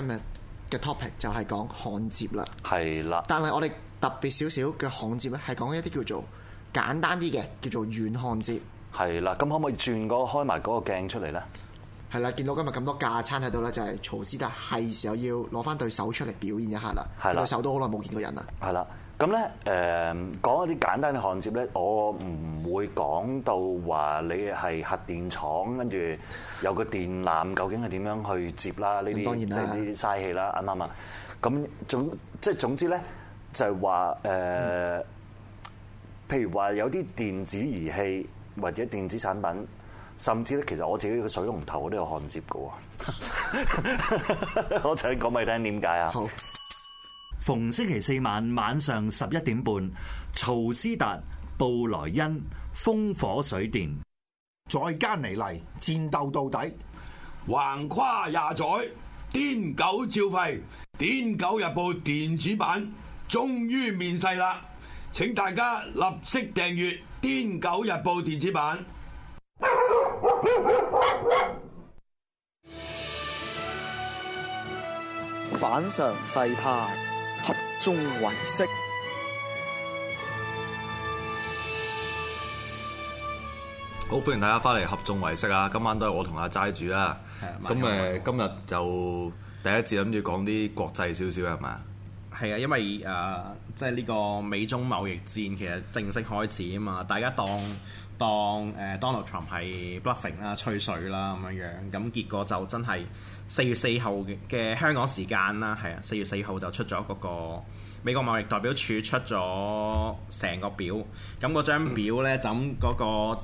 今日嘅 topic 就係講焊接啦的，係啦。但係我哋特別少少嘅焊接咧，係講一啲叫做簡單啲嘅，叫做軟焊接。係啦，咁可唔可以轉嗰開埋嗰個鏡出嚟咧？係啦，見到今日咁多架撐喺度咧，就係、是、曹斯達係時候要攞翻對手出嚟表演一下啦。係啦的，對手都好耐冇見過人啦。係啦。咁咧，誒講一啲簡單嘅焊接咧，我唔會講到話你係核電廠跟住有個電纜，究竟係點樣去接啦？呢啲即係啲嘥氣啦，啱唔啱啊？咁總即係總之咧，就係話誒，譬如話有啲電子儀器或者電子產品，甚至咧，其實我自己個水龍頭都有焊接㗎喎。我想講畀你聽點解啊？好逢星期四晚，晚上十一點半，曹斯達、布萊恩、烽火水電再加尼嚟，戰鬥到底，橫跨廿載，癲狗照吠，癲狗日報電子版終於面世啦！請大家立即訂閱癲狗日報電子版。子版反常世態。合眾為色，好歡迎大家翻嚟合眾為色啊！今晚都係我同阿齋煮啦，咁誒今日就第一次諗住講啲國際少少係嘛？係啊，因為誒即係呢個美中貿易戰其實正式開始啊嘛，大家當當誒 Donald Trump 係 bluffing 啦，吹水啦咁樣樣，咁結果就真係四月四號嘅香港時間啦，係啊，四月四號就出咗嗰個美國貿易代表處出咗成個表，咁嗰張表呢，嗯、就咁嗰個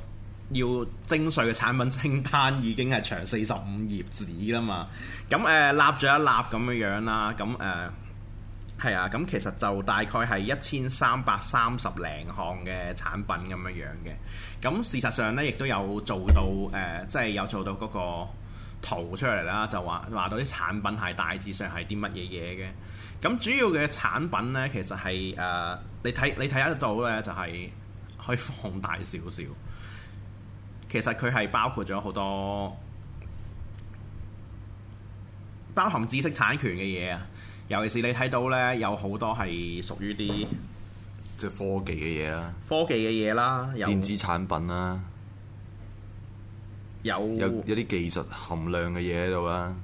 要徵稅嘅產品清單已經係長四十五頁紙啦嘛，咁誒立咗一立咁樣樣啦，咁誒。呃係啊，咁其實就大概係一千三百三十零項嘅產品咁樣樣嘅。咁事實上呢，亦都有做到誒，即、呃、係、就是、有做到嗰個圖出嚟啦，就話話到啲產品係大致上係啲乜嘢嘢嘅。咁主要嘅產品呢，其實係誒、呃，你睇你睇得到咧，就係、是、可以放大少少。其實佢係包括咗好多包含知識產權嘅嘢啊！尤其是你睇到呢，有好多係屬於啲即係科技嘅嘢啦，科技嘅嘢啦，電子產品啦有，有有啲技術含量嘅嘢喺度啦。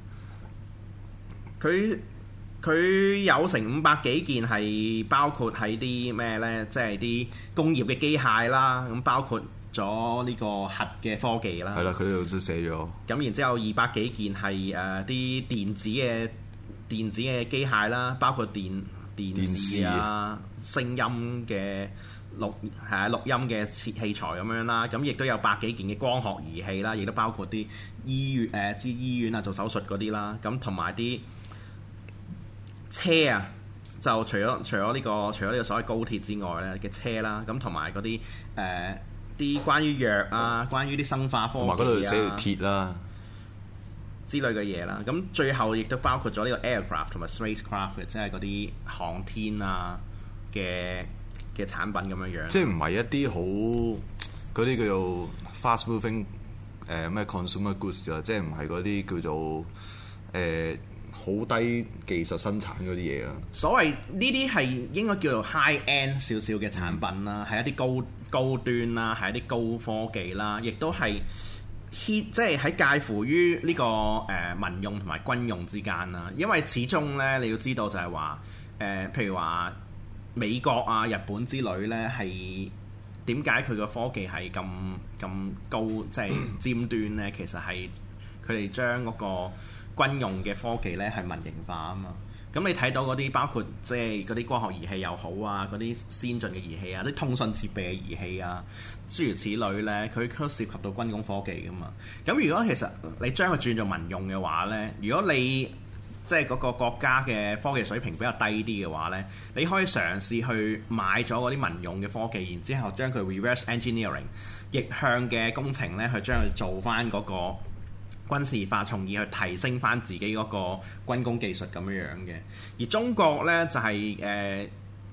佢佢有成五百幾件係包括喺啲咩呢？即係啲工業嘅機械啦，咁包括咗呢個核嘅科技啦。係啦，佢呢度都寫咗。咁然之後二百幾件係誒啲電子嘅。電子嘅機械啦，包括電電視啊、視啊聲音嘅錄係啊錄音嘅器材咁樣啦，咁亦都有百幾件嘅光學儀器啦，亦都包括啲醫院誒，至、呃、醫院啊做手術嗰啲啦，咁同埋啲車啊，就除咗除咗呢、呢個，除咗呢個所謂高鐵之外咧嘅車啦，咁同埋嗰啲誒啲關於藥啊，關於啲生化科技同埋嗰度寫住鐵啦、啊。之類嘅嘢啦，咁最後亦都包括咗呢個 aircraft 同埋 spacecraft，即係嗰啲航天啊嘅嘅產品咁樣樣。即係唔係一啲好嗰啲叫做 fast-moving 誒、呃、咩 consumer goods 啊？即係唔係嗰啲叫做誒好、呃、低技術生產嗰啲嘢啦？所謂呢啲係應該叫做 high-end 少少嘅產品啦，係、嗯、一啲高高端啦，係一啲高科技啦，亦都係。heat 即係喺介乎於呢、這個誒、呃、民用同埋軍用之間啦，因為始終呢，你要知道就係話誒，譬如話美國啊、日本之類呢，係點解佢個科技係咁咁高即係、就是、尖端呢？其實係佢哋將嗰個軍用嘅科技呢，係民營化啊嘛。咁你睇到嗰啲包括即係嗰啲光學儀器又好啊，嗰啲先進嘅儀器啊，啲通訊設備嘅儀器啊，諸如此類咧，佢都涉及到軍工科技噶嘛。咁如果其實你將佢轉做民用嘅話咧，如果你即係嗰個國家嘅科技水平比較低啲嘅話咧，你可以嘗試去買咗嗰啲民用嘅科技，然之後將佢 reverse engineering 逆向嘅工程咧，去將佢做翻嗰個。軍事化，從而去提升翻自己嗰個軍工技術咁樣樣嘅。而中國呢，就係、係、誒，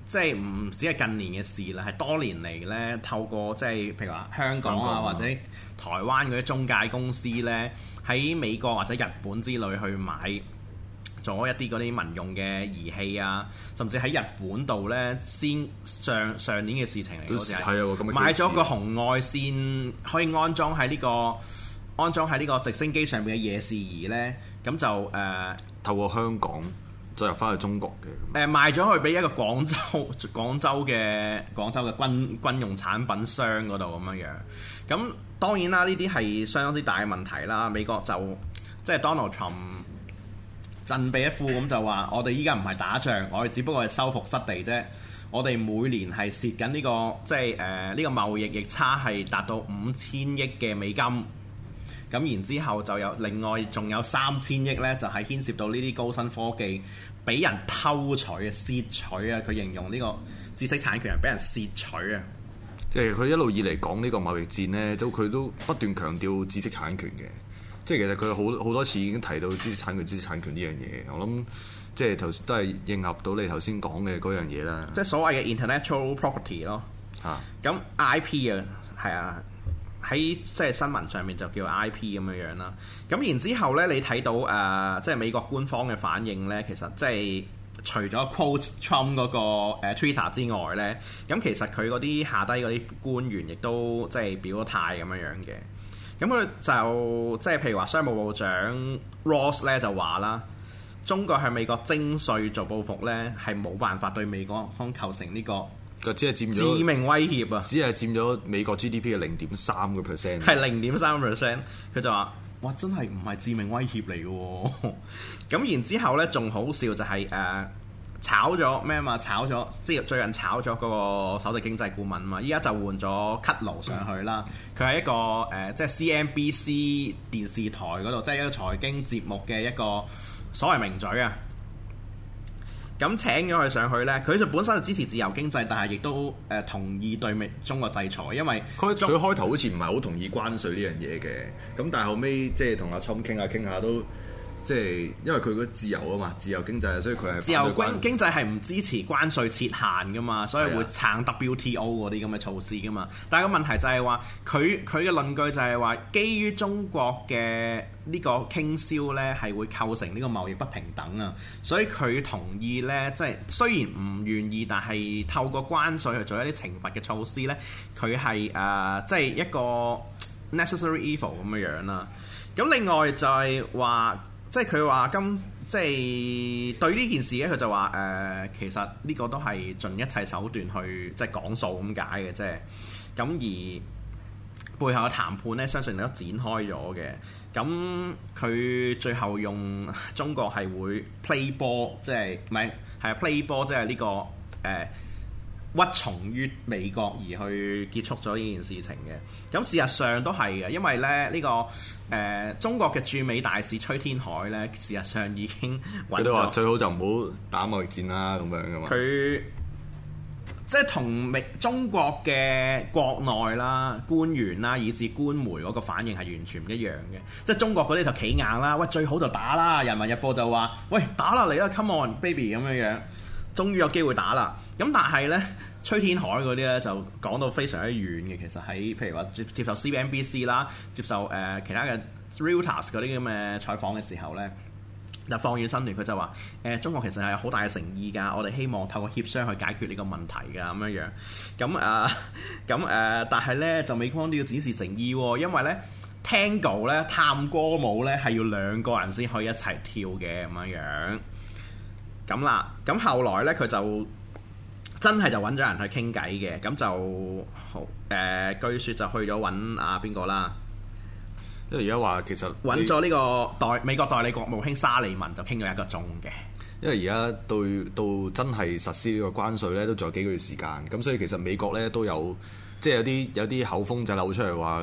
即係唔止係近年嘅事啦，係多年嚟呢，透過即係譬如話香港啊或者台灣嗰啲中介公司呢，喺美國或者日本之類去買咗一啲嗰啲民用嘅儀器啊，甚至喺日本度呢，先上上年嘅事情，嚟是。就係、買咗個紅外線可以安裝喺呢、呢個。安裝喺呢個直升機上面嘅夜視儀呢，咁就誒、呃、透過香港就入、是、翻去中國嘅誒、呃、賣咗去俾一個廣州廣州嘅廣州嘅軍軍用產品商嗰度咁樣樣。咁當然啦，呢啲係相當之大嘅問題啦。美國就即係、就是、Donald Trump 振臂一呼咁就話，我哋依家唔係打仗，我哋只不過係收復失地啫。我哋每年係蝕緊呢個即係誒呢個貿易逆差係達到五千億嘅美金。咁然之後就有另外仲有三千億咧，就係牽涉到呢啲高新科技俾人偷取、竊取啊！佢形容呢個知識產權係俾人竊取啊！即係佢一路以嚟講呢個貿易戰咧，就佢都不斷強調知識產權嘅。即係其實佢好好多次已經提到知識產權、知識產權呢樣嘢。我諗即係頭先都係應合到你頭先講嘅嗰樣嘢啦。即係所謂嘅 intellectual property 咯。嚇、啊。咁 IP 啊，係啊。喺即係新聞上面就叫 I.P. 咁樣樣啦。咁然之後呢，你睇到誒，即係美國官方嘅反應呢，其實即係除咗 quote Trump 嗰個、呃、Twitter 之外呢，咁其實佢嗰啲下低嗰啲官員亦都即係表咗態咁樣樣嘅。咁佢就即係譬如話，商務部長 Ross 呢就話啦，中國向美國徵稅做報復呢，係冇辦法對美國方構成呢個。佢只係佔咗致命威脅啊！只係佔咗美國 GDP 嘅零點三個 percent，係零點三個 percent。佢就話：哇，真係唔係致命威脅嚟㗎喎！咁 然之後呢，仲好笑就係誒炒咗咩嘛？炒咗即係最近炒咗嗰個首席經濟顧問嘛？依家就換咗克勞上去啦。佢係、嗯、一個誒，即、呃、係、就是、CNBC 電視台嗰度，即、就、係、是、一個財經節目嘅一個所謂名嘴啊！咁請咗佢上去呢，佢就本身就支持自由經濟，但係亦都誒同意對中國制裁，因為佢開頭好似唔係好同意關稅呢樣嘢嘅，咁但係後尾，即係同阿侵傾下傾下都。即係因為佢嗰自由啊嘛，自由經濟，所以佢係自由關經濟係唔支持關稅設限噶嘛，所以會撐 WTO 嗰啲咁嘅措施噶嘛。的但係個問題就係話，佢佢嘅論據就係話，基於中國嘅呢個傾銷咧，係會構成呢個貿易不平等啊，所以佢同意咧，即係雖然唔願意，但係透過關稅去做一啲懲罰嘅措施咧，佢係誒即係一個 necessary evil 咁嘅樣啦。咁另外就係話。即係佢話今即係對呢件事咧，佢就話誒、呃，其實呢個都係盡一切手段去即係講數咁解嘅啫。咁而背後嘅談判咧，相信都展開咗嘅。咁佢最後用中國係會 play ball，即係唔係係 play ball，即係呢個誒。呃屈從於美國而去結束咗呢件事情嘅，咁事實上都係嘅，因為咧呢、這個誒、呃、中國嘅駐美大使崔天凱咧，事實上已經佢哋話最好就唔好打貿易戰啦，咁樣噶嘛。佢、嗯、樣即係同中中國嘅國內啦官員啦，以至官媒嗰個反應係完全唔一樣嘅，即係中國嗰啲就企硬啦，喂，最好就打啦，《人民日報》就話喂，打啦嚟啦，Come on baby 咁樣樣，終於有機會打啦。咁但係呢，崔天凱嗰啲咧就講到非常之遠嘅。其實喺譬如話接接受 C B N B C 啦，接受誒、呃、其他嘅 Reuters 嗰啲咁嘅採訪嘅時候呢，嗱放軟身段佢就話誒、呃、中國其實係有好大嘅誠意㗎，我哋希望透過協商去解決呢個問題㗎咁樣樣。咁誒咁誒，但係呢，就美方都要展示誠意喎，因為呢 Tango 咧探歌舞呢，係要兩個人先可以一齊跳嘅咁樣樣。咁啦，咁後來呢，佢就。真係就揾咗人去傾偈嘅，咁就誒、呃、據說就去咗揾阿邊個啦。因為而家話其實揾咗呢個代美國代理國務卿沙利文就傾咗一個鐘嘅。因為而家到到真係實施呢個關稅呢，都仲有幾個月時間，咁所以其實美國呢都有即係有啲有啲口風就流出嚟話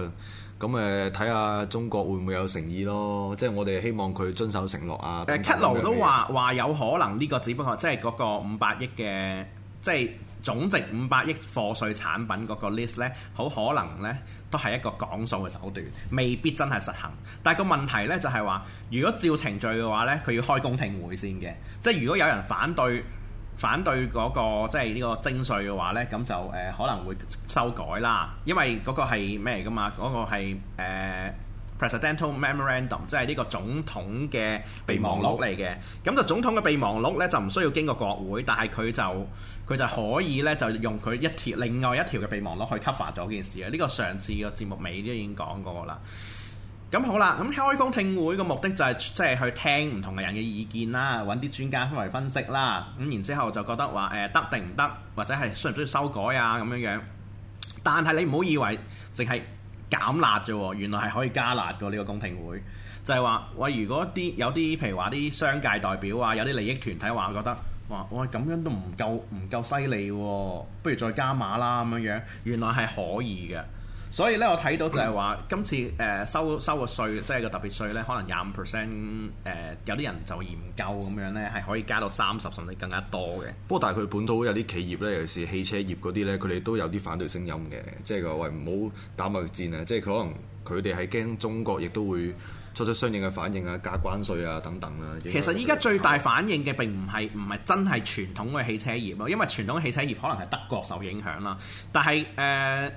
咁誒，睇下中國會唔會有誠意咯？即係我哋希望佢遵守承諾啊。誒 Cutler 都話話有可能呢個只不過即係嗰個五百億嘅。即係總值五百億貨稅產品嗰個 list 咧，好可能咧都係一個講數嘅手段，未必真係實行。但個問題咧就係、是、話，如果照程序嘅話咧，佢要開公聽會先嘅。即係如果有人反對反對嗰、那個即係呢個徵稅嘅話咧，咁就誒、呃、可能會修改啦，因為嗰個係咩嚟㗎嘛？嗰、那個係誒。Presidential Memorandum 即係呢個總統嘅備忘錄嚟嘅，咁就總統嘅備忘錄咧就唔需要經過國會，但係佢就佢就可以咧就用佢一條另外一條嘅備忘錄去 cover 咗件事啊！呢個上次個節目尾都已經講過啦。咁好啦，咁開公聽會個目的就係即係去聽唔同嘅人嘅意見啦，揾啲專家嚟分析啦，咁然之後就覺得話誒得定唔得，或者係需唔需要修改啊咁樣樣。但係你唔好以為淨係。減辣啫喎，原來係可以加辣噶，呢個公聽會，就係話喂，如果啲有啲譬如話啲商界代表啊，有啲利益團體話我覺得嘩咁樣都唔夠唔夠犀利喎，不如再加碼啦咁樣樣，原來係可以嘅。所以咧，我睇到就係話，今次誒、呃、收收個稅，即係個特別稅咧，可能廿五 percent 誒，有啲人就嫌唔夠咁樣咧，係可以加到三十，甚至更加多嘅。不過，但係佢本土有啲企業咧，尤其是汽車業嗰啲咧，佢哋都有啲反對聲音嘅，即係話喂，唔好打貿易戰啊！即係佢可能佢哋係驚中國亦都會作出相應嘅反應啊，加關稅啊等等啊。其實依家最大反應嘅並唔係唔係真係傳統嘅汽車業咯，因為傳統汽車業可能係德國受影響啦，但係誒。呃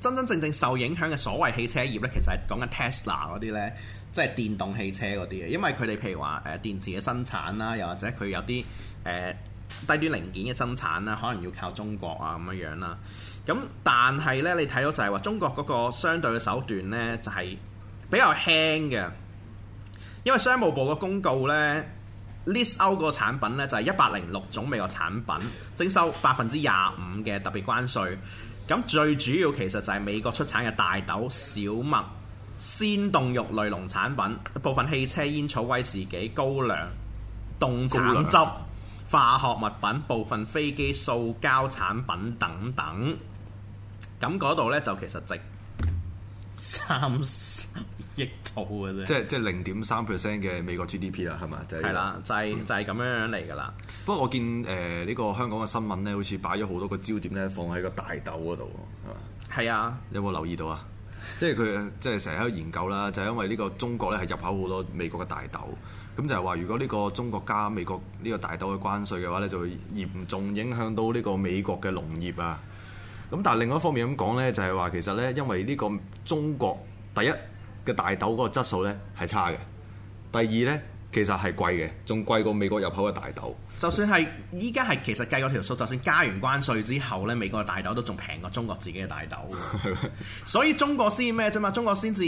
真真正正受影響嘅所謂汽車業呢，其實係講緊 Tesla 嗰啲呢，即係電動汽車嗰啲嘅，因為佢哋譬如話誒電池嘅生產啦，又或者佢有啲誒、呃、低端零件嘅生產啦，可能要靠中國啊咁樣樣啦。咁但係呢，你睇到就係話中國嗰個相對嘅手段呢，就係、是、比較輕嘅，因為商務部嘅公告呢，list out 個產品呢，就係一百零六種美國產品徵收百分之廿五嘅特別關稅。咁最主要其實就係美國出產嘅大豆、小麥、鮮凍肉類農產品、部分汽車、煙草、威士忌、高粱、凍果汁、化學物品、部分飛機塑膠產品等等。咁嗰度呢，就其實值三。億即係即係零點三 percent 嘅美國 GDP 啦，係嘛？係啦，就係就係咁樣樣嚟噶啦。不過我見誒呢個香港嘅新聞咧，好似擺咗好多個焦點咧，放喺個大豆嗰度係嘛？係啊，你有冇留意到啊？即係佢即係成日喺度研究啦，就係因為呢個中國咧係入口好多美國嘅大豆，咁就係話如果呢個中國加美國呢個大豆嘅關稅嘅話咧，就會嚴重影響到呢個美國嘅農業啊。咁但係另外一方面咁講咧，就係話其實咧，因為呢個中國第一。嘅大豆嗰個質素咧係差嘅。第二咧，其實係貴嘅，仲貴過美國入口嘅大豆。就算係依家係其實計嗰條數，就算加完關稅之後咧，美國嘅大豆都仲平過中國自己嘅大豆。 所以中國先咩啫嘛？中國先至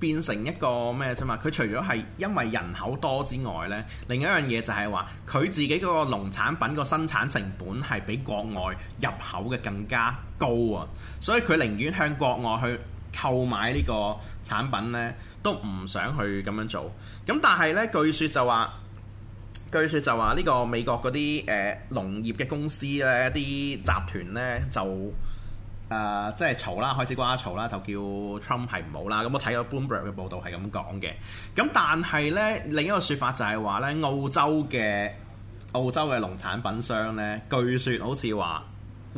變成一個咩啫嘛？佢除咗係因為人口多之外咧，另一樣嘢就係話佢自己嗰個農產品個生產成本係比國外入口嘅更加高啊！所以佢寧願向國外去，購買呢個產品呢，都唔想去咁樣做。咁但係呢，據說就話，據說就話呢個美國嗰啲誒農業嘅公司呢，一啲集團呢，就誒、呃、即係吵啦，開始瓜吵啦，就叫 Trump 係唔好啦。咁我睇到 Bloomberg 嘅報道係咁講嘅。咁但係呢，另一個說法就係話呢，澳洲嘅澳洲嘅農產品商呢，據說好似話，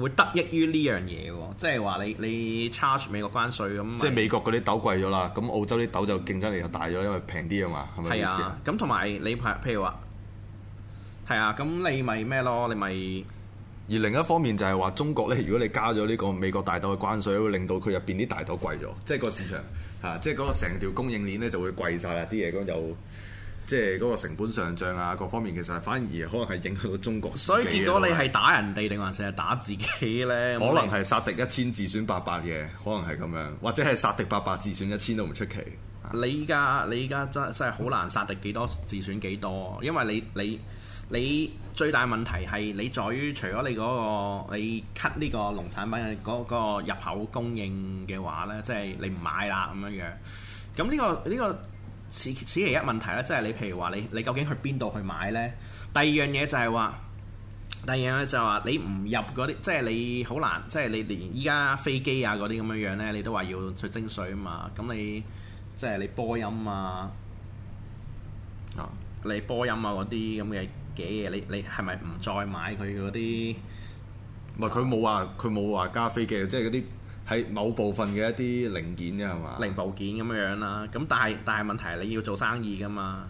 會得益於呢樣嘢喎，即係話你你 charge 美國關稅咁，即係美國嗰啲豆貴咗啦，咁澳洲啲豆就競爭力就大咗，因為平啲啊嘛，係咪意思啊？咁同埋你譬如話係啊，咁你咪咩咯？你咪、就是、而另一方面就係話中國咧，如果你加咗呢個美國大豆嘅關稅，會令到佢入邊啲大豆貴咗，即係個市場嚇，嗯、即係嗰個成條供應鏈咧就會貴晒啦。啲嘢咁又。即係嗰個成本上漲啊，各方面其實係反而可能係影響到中國。所以結果你係打人哋定還係打自己呢？可能係殺敵一千自損八百嘅，可能係咁樣，或者係殺敵八百自損一千都唔出奇。嗯。你，你依家你依家真真係好難殺敵幾多自損幾多，因為你你你，你最大問題係你在於除咗你嗰個你 cut 呢個農產品嘅嗰個入口供應嘅話呢，即係你唔買啦咁樣樣。咁呢個呢個。呢個此其一問題咧，即係你譬如話你你究竟去邊度去買呢？第二樣嘢就係話，第二樣咧就係話你唔入嗰啲，即係你好難，即係你連依家飛機啊嗰啲咁樣樣呢，你都話要去徵稅啊嘛。咁你即係你波音啊，啊，你波音啊嗰啲咁嘅嘅嘢，你你係咪唔再買佢嗰啲？唔係佢冇話，佢冇話加飛機，即係嗰啲。係某部分嘅一啲零件啫，係嘛？零部件咁樣樣啦，咁但係但係問題係你要做生意噶嘛？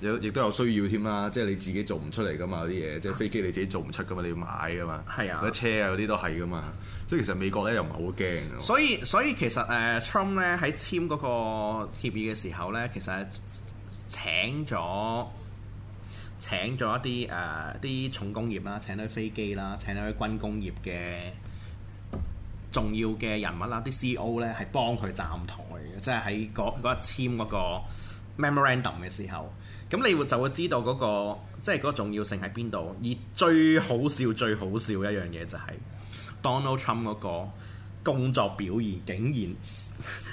有亦都有需要添啦，即係你自己做唔出嚟噶嘛？啲嘢即係飛機你自己做唔出噶嘛？你要買噶嘛？係啊，車啊嗰啲都係噶嘛，所以其實美國咧又唔係好驚。所以所以其實誒 Trump 咧喺簽嗰個協議嘅時候咧，其實係請咗請咗一啲誒啲重工業啦，請咗啲飛機啦，請咗啲軍工業嘅。重要嘅人物啦，啲 CEO 咧，係幫佢站台嘅，即係喺嗰嗰日簽嗰個 memorandum 嘅時候，咁你會就會知道嗰、那個即係嗰個重要性喺邊度。而最好笑、最好笑一樣嘢就係、是嗯、Donald Trump 嗰個工作表現竟然、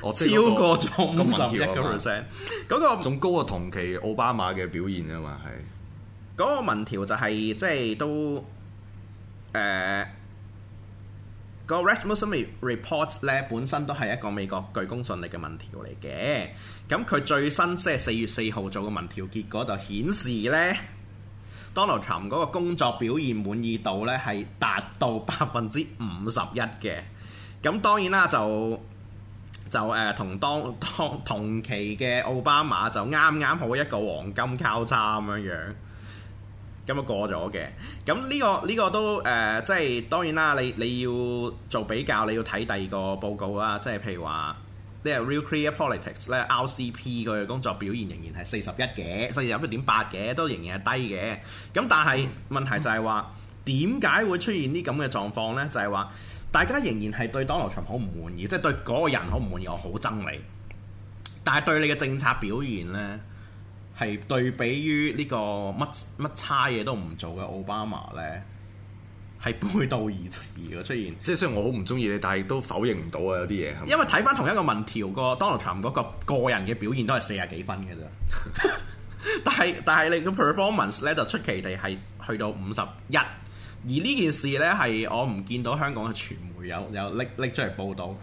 那個、超過咗五十一個 percent，嗰個仲高過同期奧巴馬嘅表現啊嘛係嗰個民調就係、是、即係都誒。呃個 Rasmussen Reports 咧本身都係一個美國具公信力嘅民調嚟嘅，咁佢最新即係四月四號做嘅民調結果就顯示咧，Donald Trump 嗰個工作表現滿意度咧係達到百分之五十一嘅，咁當然啦就就誒、呃、同當當同期嘅奧巴馬就啱啱好一個黃金交叉咁樣樣。咁啊過咗嘅，咁呢、呢個呢、呢個都誒、呃，即係當然啦。你你要做比較，你要睇第二個報告啦。即係譬如話，呢個 Real Clear Politics 咧，RCP 佢嘅工作表現仍然係四十一嘅，四十一點八嘅，都仍然係低嘅。咁但係問題就係話，點解會出現啲咁嘅狀況呢？就係、係、話，大家仍然係對 Donald Trump 好唔滿意，即、就、係、係、對嗰個人好唔滿意。我好憎你，但係對你嘅政策表現呢？係對比於呢個乜乜差嘢都唔做嘅奧巴馬呢，係背道而馳嘅出現。即係 雖然我好唔中意你，但係都否認唔到啊！有啲嘢因為睇翻同一個民調個 Donald Trump 嗰個個人嘅表現都係四十幾分嘅啫。 但係但係你個 performance 呢，就出奇地係去到五十一。而呢件事呢，係我唔見到香港嘅傳媒有有拎拎出嚟報道。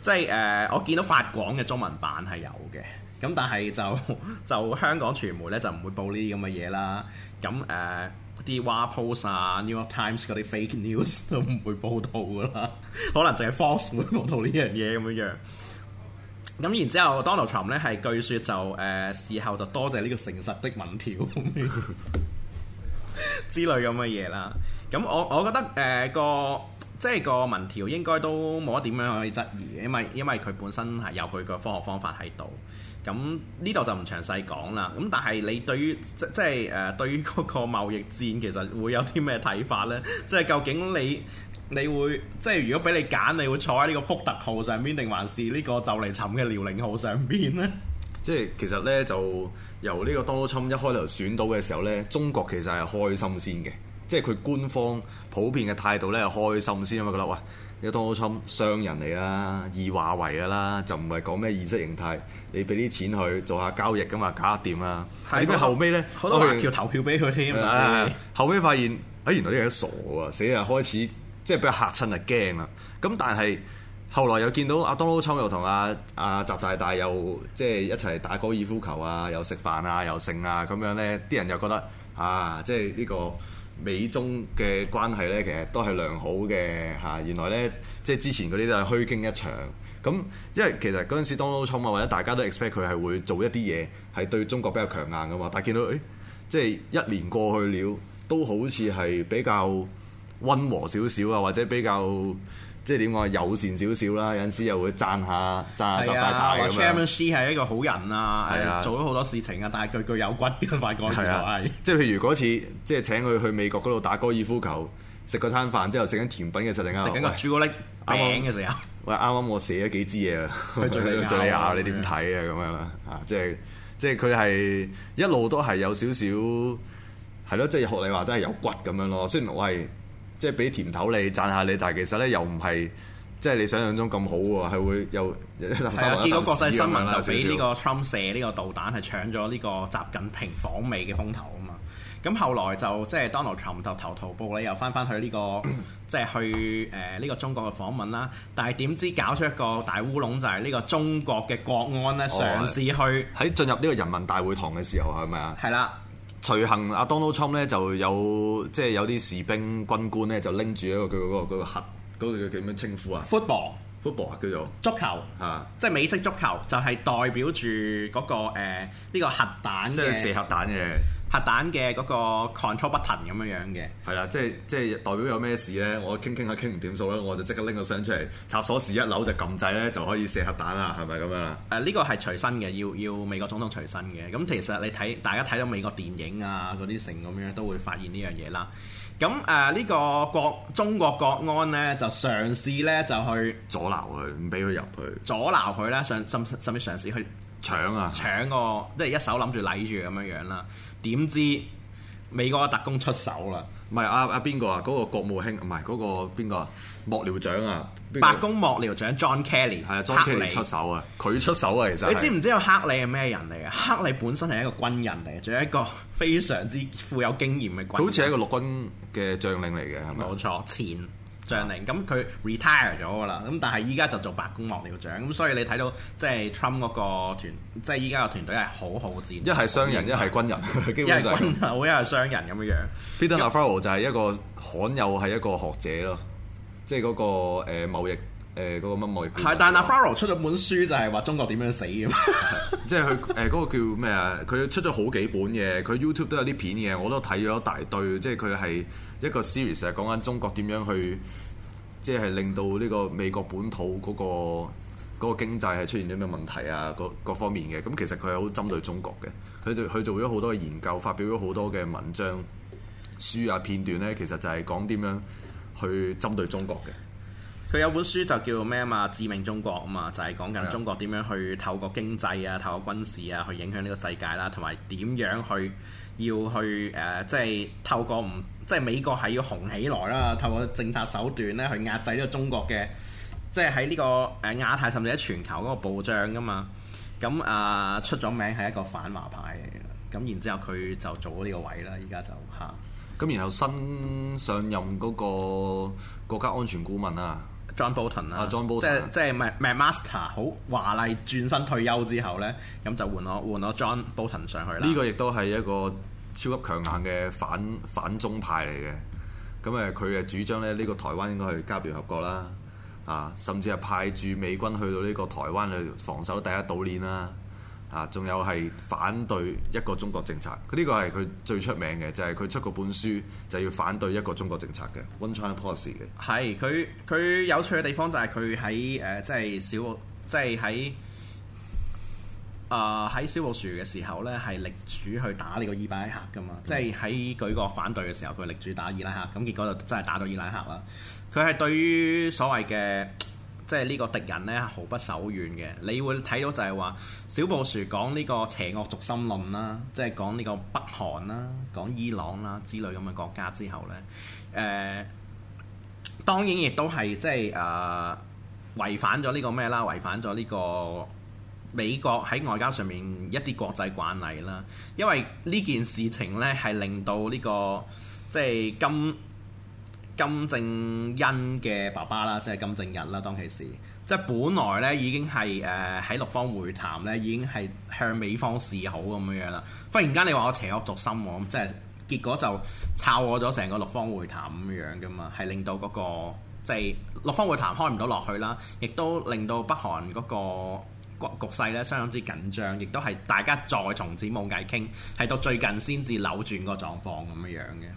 即係誒，呃嗯、我見到法廣嘅中文版係有嘅。咁但係就就香港傳媒咧就唔會報呢啲咁嘅嘢啦。咁誒啲《哇 post 啊 New York Times》嗰啲 fake news 都唔會報道噶啦， 可能淨係 force 會報道呢樣嘢咁樣樣。咁然之後，Donald Trump 咧係據說就誒、呃、事後就多謝呢個誠實的民調 之類咁嘅嘢啦。咁我我覺得誒、呃那個即係個民調應該都冇得點樣可以質疑，因為因為佢本身係有佢個科學方法喺度。咁呢度就唔詳細講啦。咁但係你對於即即係誒對於嗰個貿易戰其實會有啲咩睇法呢？即係究竟你你會即係如果俾你揀，你會坐喺呢個福特號上邊，定還是呢個就嚟沉嘅遼寧號上邊呢？即係其實呢，就由呢個 Donald Trump 一開頭選到嘅時候呢，中國其實係開心先嘅，即係佢官方普遍嘅態度呢，係開心先，覺得，喂。阿當勞侵商人嚟啦，易話為噶啦，就唔係講咩意識形態，你俾啲錢去做下交易噶嘛，搞得掂啦。點解的後尾咧？好多民調投票俾佢添。後尾發現，哎原來啲人傻啊，死人開始即係俾嚇親啊驚啦。咁但係後來又見到阿當勞侵又同阿阿習大大又即係一齊打高爾夫球啊，又食飯啊，又剩啊咁樣咧，啲人又覺得啊，即係呢、呢個。美中嘅關係呢，其實都係良好嘅嚇。原來呢，即係之前嗰啲都係虛驚一場。咁因為其實嗰陣時特朗普啊，或者大家都 expect 佢係會做一啲嘢，係對中國比較強硬㗎嘛。但係見到誒、欸，即係一年過去了，都好似係比較温和少少啊，或者比較。即係點講？友善少少啦，有陣時又會讚下讚下習大大 Chairman Xi 係一個好人啊，係啊，做咗好多事情啊，但係句句有骨咁嘅感覺。係啊，即係譬如嗰次，即係請佢去美國嗰度打高爾夫球，食個餐飯之後食緊甜品嘅時候，食緊個朱古力餅嘅時候，喂，啱啱我寫咗幾支嘢啊，你點睇啊？咁樣啊，即係即係佢係一路都係有少少係咯，即係學你話，真係有骨咁樣咯。雖然我係。即係俾甜頭你讚下你，但係其實咧又唔係即係你想象中咁好喎，係會又係見到國際新聞 就俾呢個 Trump 射呢個導彈係 搶咗呢個習近平訪美嘅風頭啊嘛！咁後來就即係、就是、Donald Trump 頭頭部咧又翻返、這個、 去呢個即係去誒呢個中國嘅訪問啦，但係點知搞出一個大烏龍就係、是、呢個中國嘅國安咧、哦、嘗試去喺進入呢個人民大會堂嘅時候係咪啊？係啦。隨行阿 Donald Trump 咧，就有、有即係有啲士兵軍官咧，就拎住一個佢嗰個核嗰、嗰個叫叫咩稱呼啊？Football，football 叫做足球嚇，是啊、即係美式足球，就係代表住嗰、嗰個呢、呃呢個核彈即係射核彈嘅。嗯核彈嘅嗰個 control button，咁樣樣嘅，係啦，即係即係代表有咩事咧，我傾傾下傾唔點數咧，我就即刻拎個箱出嚟插鎖匙一扭就撳掣咧，就可以射核彈啦，係咪咁樣啊？誒、呃，呢、這個係隨身嘅，要要美國總統隨身嘅。咁、嗯、其實你睇大家睇到美國電影啊，嗰啲成咁樣都會發現呢樣嘢啦。咁誒呢個國中國國安咧就嘗試咧就去阻撓佢，唔俾佢入去阻撓佢咧，甚甚甚至嘗試，試去搶啊搶個即係一手諗住攔住咁樣樣啦。點知美國特工出手啦？唔係阿阿邊個啊？嗰、嗰個國務卿唔係嗰個邊個啊？幕僚長啊？啊白宮幕僚長 John Kelly 係啊，John Kelly 出手啊，佢出手啊、嗯、其實，你知唔知道克里係咩人嚟嘅？克里本身係一個軍人嚟嘅，仲有一個非常之富有經驗嘅軍人。佢好似係一個陸軍嘅將領嚟嘅係咪？冇錯，錢。將領咁佢 retire 咗㗎啦，咁、嗯、但係依家就做白宮幕僚長，咁所以你睇到即係 Trump 嗰個團，即係依家個團隊係好好戰，一係商人，一係軍人，軍人基本上一係一係商人咁樣樣。Peter 又 Navarro 就係一個罕有係一個學者咯，即係嗰、那個誒、呃、貿易。誒嗰個乜嘢？但阿 Faro 出咗本書，就係話中國點樣死嘅。 即係佢誒嗰個叫咩啊？佢出咗好幾本嘅，佢 YouTube 都有啲片嘅，我都睇咗一大堆。即係佢係一個 series，係講緊中國點樣去，即係令到呢個美國本土嗰個嗰個經濟係出現咗咩問題啊？各各方面嘅。咁其實佢係好針對中國嘅。佢做佢做咗好多研究，發表咗好多嘅文章、書啊片段咧。其實就係講點樣去針對中國嘅。佢有本書就叫咩啊？嘛，致命中國啊嘛，就係、是、講緊中國點樣去透過經濟啊、透過軍事啊去影響呢個世界啦、啊，同埋點樣去要去誒、呃，即係透過唔即係美國係要紅起來啦、啊，透過政策手段咧去壓制呢個中國嘅，即係喺呢個誒亞太甚至喺全球嗰個暴漲噶嘛。咁啊、呃、出咗名係一個反華派嚟嘅，咁然之後佢就做咗呢個位啦。依家就嚇咁，啊、然後新上任嗰個國家安全顧問啊。John Bolton 啊，John Bolton，即係即係 McMaster 好華麗轉身退休之後咧，咁就換我換我 John Bolton 上去啦。呢個亦都係一個超級強硬嘅反反中派嚟嘅。咁誒，佢嘅主張咧，呢個台灣應該係加入聯合國啦，啊，甚至係派駐美軍去到呢個台灣去防守第一島鏈啦。啊，仲有係反對一個中國政策，佢呢個係佢最出名嘅，就係、是、佢出過本書就要反對一個中國政策嘅。One China policy 嘅。係，佢佢有趣嘅地方就係佢喺誒，即、呃、係、就是、小即係喺啊喺小布什嘅時候呢係力主去打呢個伊拉克㗎嘛，即係喺舉國反對嘅時候，佢力主打伊拉克，咁結果就真係打到伊拉克啦。佢係對於所謂嘅。即係呢個敵人呢，毫不手軟嘅，你會睇到就係話小布殊講呢個邪惡軸心論啦，即係講呢個北韓啦、講伊朗啦之類咁嘅國家之後呢，誒、呃、當然亦都係即係誒違反咗呢個咩啦，違反咗呢個美國喺外交上面一啲國際慣例啦，因為呢件事情呢，係令到呢、這個即係今。金正恩嘅爸爸啦，即係金正日啦，當其時，即係本來咧已經係誒喺六方會談咧已經係向美方示好咁樣樣啦。忽然間你話我邪惡軸心喎，即係結果就抄我咗成個六方會談咁樣樣噶嘛，係令到嗰個即係六方會談開唔到落去啦，亦都令到北韓嗰個局勢咧相當之緊張，亦都係大家再從此冇偈傾，係到最近先至扭轉個狀況咁樣樣嘅。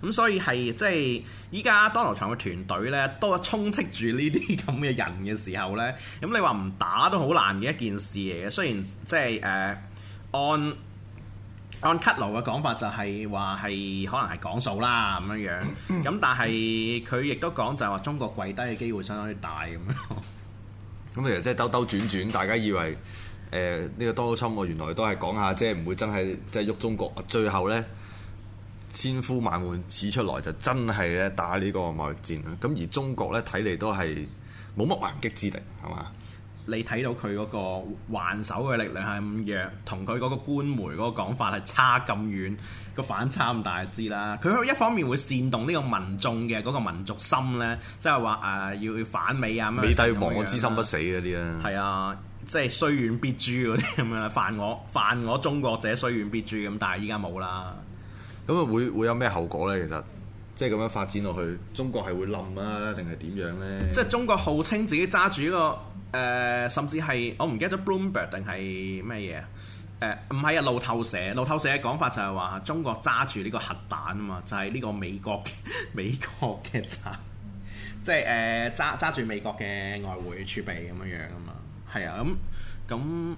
咁、嗯、所以係即係依家當奴侵嘅團隊咧，都充斥住呢啲咁嘅人嘅時候咧，咁、嗯、你話唔打都好難嘅一件事嚟嘅。雖然即係誒、呃、按按 Kudlow 嘅講法就係係，就係話係可能係講數啦咁樣樣。咁但係佢亦都講就係話中國跪低嘅機會相當之大咁樣。咁其實即係兜兜轉轉， 大家以為誒呢、呃，這個當奴侵，我原來都係講下，即係唔會真係即係喐中國。最後咧。千呼萬喚始出來就真係咧打呢個貿易戰啦！咁而中國咧睇嚟都係冇乜還擊之力係嘛？你睇到佢嗰個還手嘅力量係咁弱，同佢嗰個官媒嗰個講法係差咁遠，個反差咁大，就知啦！佢一方面會煽動呢個民眾嘅嗰個民族心咧，即係話誒要要反美啊美帝亡我之心不死嗰啲啦。係啊，即係、啊就是、雖遠必誅嗰啲咁樣， 犯我犯我中國者雖遠必誅咁，但係依家冇啦。咁啊會會有咩後果咧？其實即係咁樣發展落去，中國係會冧啊，定係點樣咧？即係中國號稱自己揸住呢個誒、呃，甚至係我唔記得咗 Bloomberg 定係咩嘢？誒唔係啊，路透社，路透社嘅講法就係話中國揸住呢個核彈啊嘛，就係、是、呢個美國美國嘅債， 即係誒揸揸住美國嘅外匯儲備咁樣樣啊嘛，係啊咁咁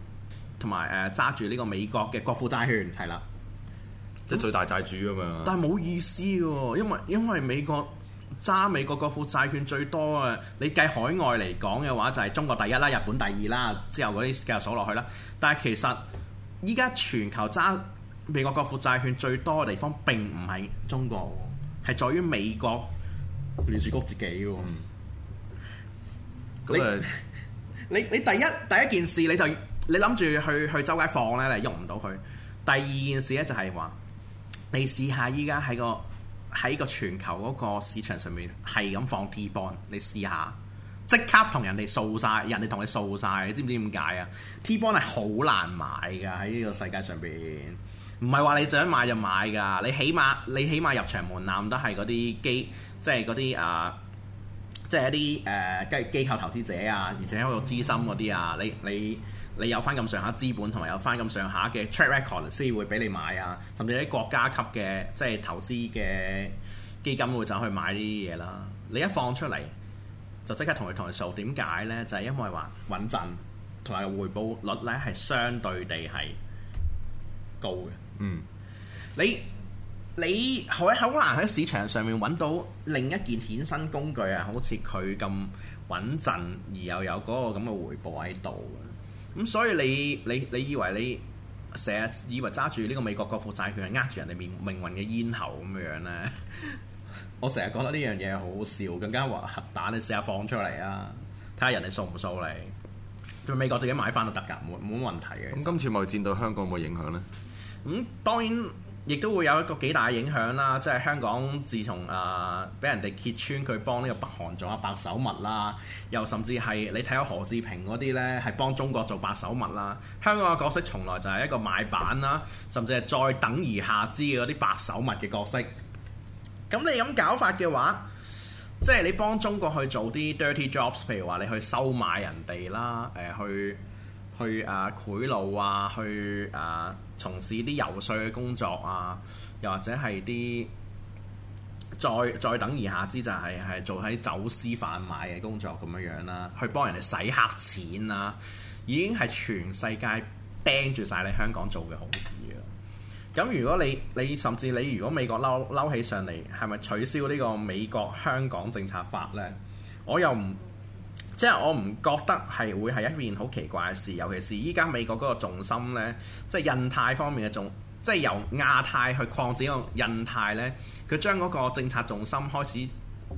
同埋誒揸住呢個美國嘅國庫債券係啦。即係最大債主啊嘛！但係冇意思嘅，因為因為美國揸美國國庫債券最多啊。你計海外嚟講嘅話，就係、是、中國第一啦，日本第二啦，之後嗰啲繼續數落去啦。但係其實依家全球揸美國國庫債券最多嘅地方並唔係中國，係在於美國聯儲局自己嘅。咁、嗯就是、你你，你第一第一件事你就你諗住去去周街放咧，你用唔到佢。第二件事咧就係話。你試下依家喺個喺個全球嗰個市場上面係咁放 T bond，你試下即刻同人哋掃晒，人哋同你掃晒，你知唔知點解啊？T bond 係好難買㗎，喺呢個世界上邊，唔係話你想買就買㗎，你起碼你起碼入場門檻都係嗰啲機，即係嗰啲啊。呃即係一啲誒、呃、機構投資者啊，而且一個資深嗰啲啊，嗯、你你你有翻咁上下資本，同埋有翻咁上下嘅 track record 先會俾你買啊，甚至啲國家級嘅即係投資嘅基金會就去買呢啲嘢啦。你一放出嚟就即刻同佢同佢數，點解呢？就係、是、因為話穩陣同埋回報率呢係相對地係高嘅。嗯，你。你好好難喺市場上面揾到另一件衍生工具啊，好似佢咁穩陣，而又有嗰個咁嘅回報喺度。咁所以你你你以為你成日以為揸住呢個美國國庫債券，呃住人哋命命運嘅咽喉咁樣樣咧？ 我成日覺得呢樣嘢好笑，更加話核彈你試下放出嚟啊，睇下人哋掃唔掃你。美國自己買翻都得㗎，冇冇問題嘅。咁今次貿戰到香港有冇影響咧？咁、嗯、當然。亦都會有一個幾大嘅影響啦，即係香港自從啊俾人哋揭穿佢幫呢個北韓做下白手物啦，又甚至係你睇下何志平嗰啲呢，係幫中國做白手套啦。香港嘅角色從來就係一個買辦啦，甚至係再等而下之嘅嗰啲白手套嘅角色。咁你咁搞法嘅話，即係你幫中國去做啲 dirty jobs，譬如話你去收買人哋啦，誒、呃、去。去誒、啊、賄賂啊，去誒、啊、從事啲游說嘅工作啊，又或者係啲再再等而下之就係、是、係做喺走私販賣嘅工作咁樣樣、啊、啦，去幫人哋洗黑錢啊，已經係全世界盯住晒你香港做嘅好事啊！咁如果你你甚至你如果美國嬲嬲起上嚟，係咪取消呢個美國香港政策法呢？我又唔～即係我唔覺得係會係一件好奇怪嘅事，尤其是依家美國嗰個重心呢，即係印太方面嘅重，即係由亞太去擴展印太呢。佢將嗰個政策重心開始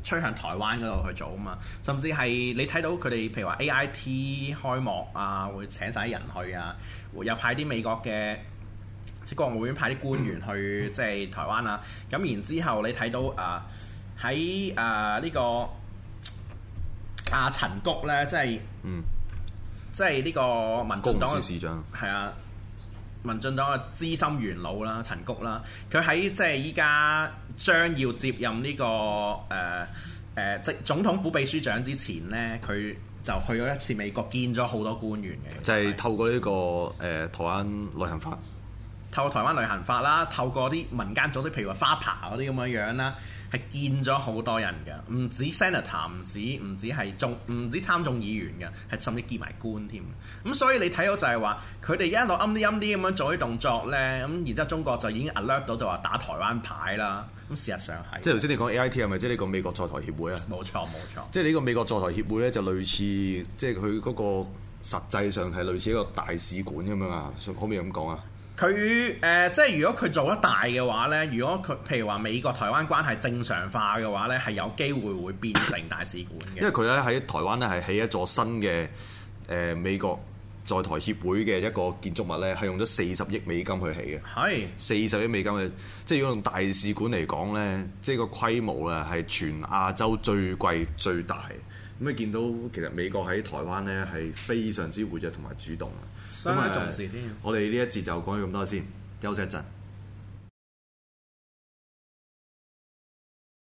趨向台灣嗰度去做啊嘛。甚至係你睇到佢哋，譬如話 AIT 開幕啊，會請晒啲人去啊，又派啲美國嘅即係國務院派啲官員去、嗯、即係台灣啊。咁然之後你睇到啊喺誒呢個。阿陳菊咧，即係，嗯，即係呢個民進黨嘅高雄市市長，係啊，民進黨嘅資深元老啦，陳菊啦，佢喺即係依家將要接任呢、這個誒誒、呃呃、即總統府秘書長之前咧，佢就去咗一次美國，見咗好多官員嘅，就係透過呢、這個誒、呃、台，台灣旅行法，透過台灣旅行法啦，透過啲民間組織，譬如話花爬嗰啲咁樣樣啦。係見咗好多人㗎，唔止 senator，唔止唔止係眾，唔止參眾議員㗎，係甚至見埋官添。咁、嗯、所以你睇到就係話，佢哋一路陰啲陰啲咁樣做啲動作呢。咁、嗯、然之後中國就已經 alert 到就話打台灣牌啦。咁、嗯、事實上係。即係頭先你講 AIT 係咪即係你講美國在台協會啊？冇錯冇錯。即係呢個美國在台協會呢，就類似即係佢嗰個實際上係類似一個大使館咁樣啊？可唔可以咁講啊？佢誒、呃，即係如果佢做得大嘅話呢，如果佢譬如話美國台灣關係正常化嘅話呢，係有機會會變成大使館嘅。因為佢咧，喺台灣咧，係起一座新嘅誒、呃、美國在台協會嘅一個建築物呢係用咗四十億美金去起嘅，係四十億美金嘅。即係如果用大使館嚟講呢即係個規模啊，係全亞洲最貴最大。咁你見到其實美國喺台灣呢係非常之活躍同埋主動。因為我哋呢一節就講咗咁多先，休息一陣。